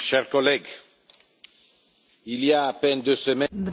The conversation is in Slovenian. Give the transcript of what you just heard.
chers collègues il y a à peine deux semaines.